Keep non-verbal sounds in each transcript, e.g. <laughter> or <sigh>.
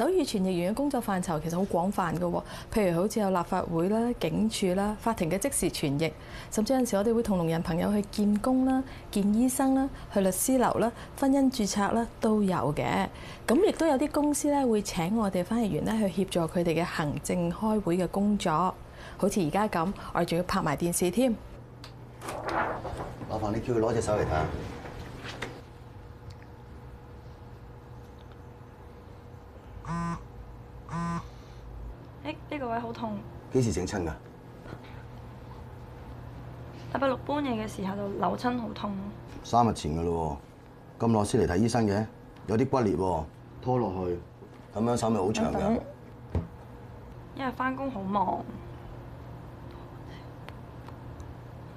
手語傳譯員嘅工作範疇其實好廣泛嘅喎，譬如好似有立法會啦、警署啦、法庭嘅即時傳譯，甚至有陣時我哋會同聾人朋友去見工啦、見醫生啦、去律師樓啦、婚姻註冊啦都有嘅。咁亦都有啲公司咧會請我哋翻譯員咧去協助佢哋嘅行政開會嘅工作，好似而家咁，我哋仲要拍埋電視添。麻煩，你叫佢攞隻手嚟睇下。哎，呢個位好痛。幾時整親噶？禮拜六搬嘢嘅時候就扭親，好痛。三日前噶咯，咁耐先嚟睇醫生嘅，有啲骨裂，拖落去，咁樣手尾好長噶。因為翻工好忙。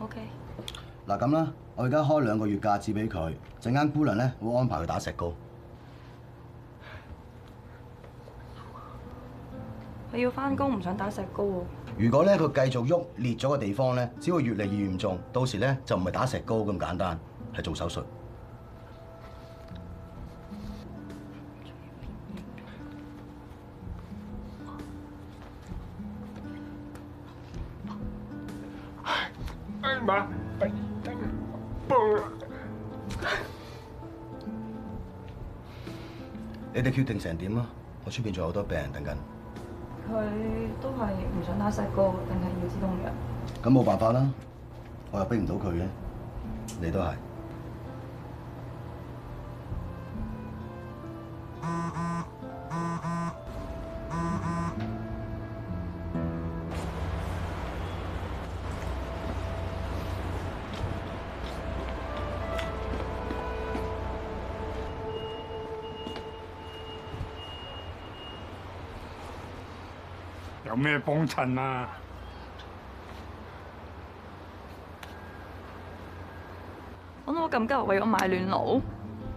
OK，嗱咁啦，我而家開兩個月假紙俾佢，陣間姑娘咧，我會安排佢打石膏。你要翻工，唔想打石膏喎。如果咧佢繼續喐裂咗嘅地方咧，只會越嚟越嚴重，到時咧就唔係打石膏咁簡單，係做手術。哎，阿媽，你哋決定成點咯？我出邊仲有好多病人等緊。佢都係唔想打細個，定係要止痛藥？咁冇辦法啦，我又逼唔到佢嘅，你都係。嗯有咩幫襯啊？我都冇咁急，為咗買暖爐，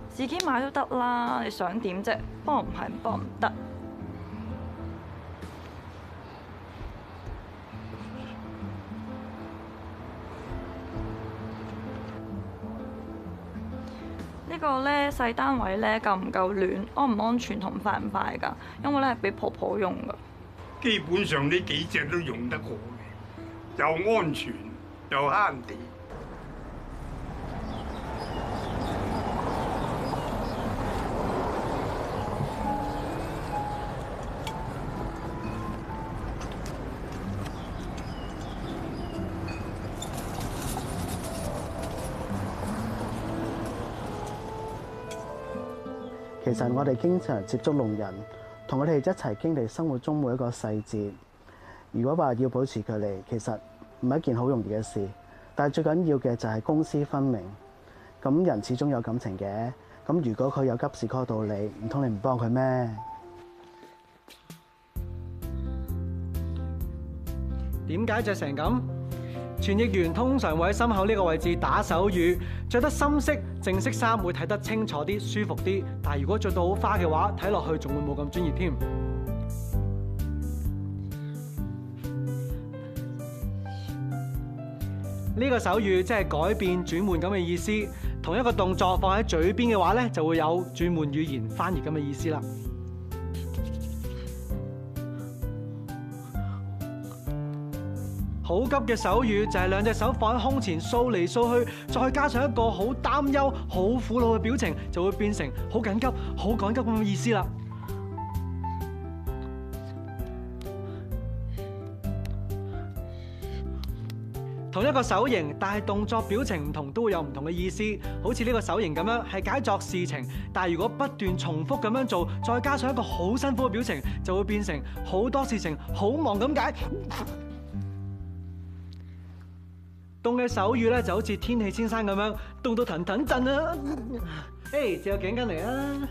自己買都得啦。你想點啫？幫唔係唔幫唔得。呢個咧，細單位咧，夠唔夠暖？安唔安全同快唔快噶？因為咧係俾婆婆用噶。基本上呢幾隻都用得過嘅，又安全又慳電。其實我哋經常接觸聾人。同我哋一齊經歷生活中每一個細節。如果話要保持距離，其實唔係一件好容易嘅事。但係最緊要嘅就係公私分明。咁人始終有感情嘅。咁如果佢有急事 call 到你，唔通你唔幫佢咩？點解著成咁？傳譯員通常會喺心口呢個位置打手語，着得深色正式衫會睇得清楚啲、舒服啲。但係如果着到好花嘅話，睇落去仲會冇咁專業添。呢 <music> 個手語即係改變、轉換咁嘅意思，同一個動作放喺嘴邊嘅話呢就會有轉換語言翻譯咁嘅意思啦。好急嘅手語就係兩隻手放喺胸前掃嚟掃去，再加上一個好擔憂、好苦惱嘅表情，就會變成好緊急、好趕急咁嘅意思啦。同一個手型，但係動作、表情唔同，都會有唔同嘅意思。好似呢個手型咁樣，係解作事情，但係如果不斷重複咁樣做，再加上一個好辛苦嘅表情，就會變成好多事情好忙咁解。凍嘅手語咧，就好似天氣先生咁樣凍到騰騰震啊！誒，借有頸巾嚟啊！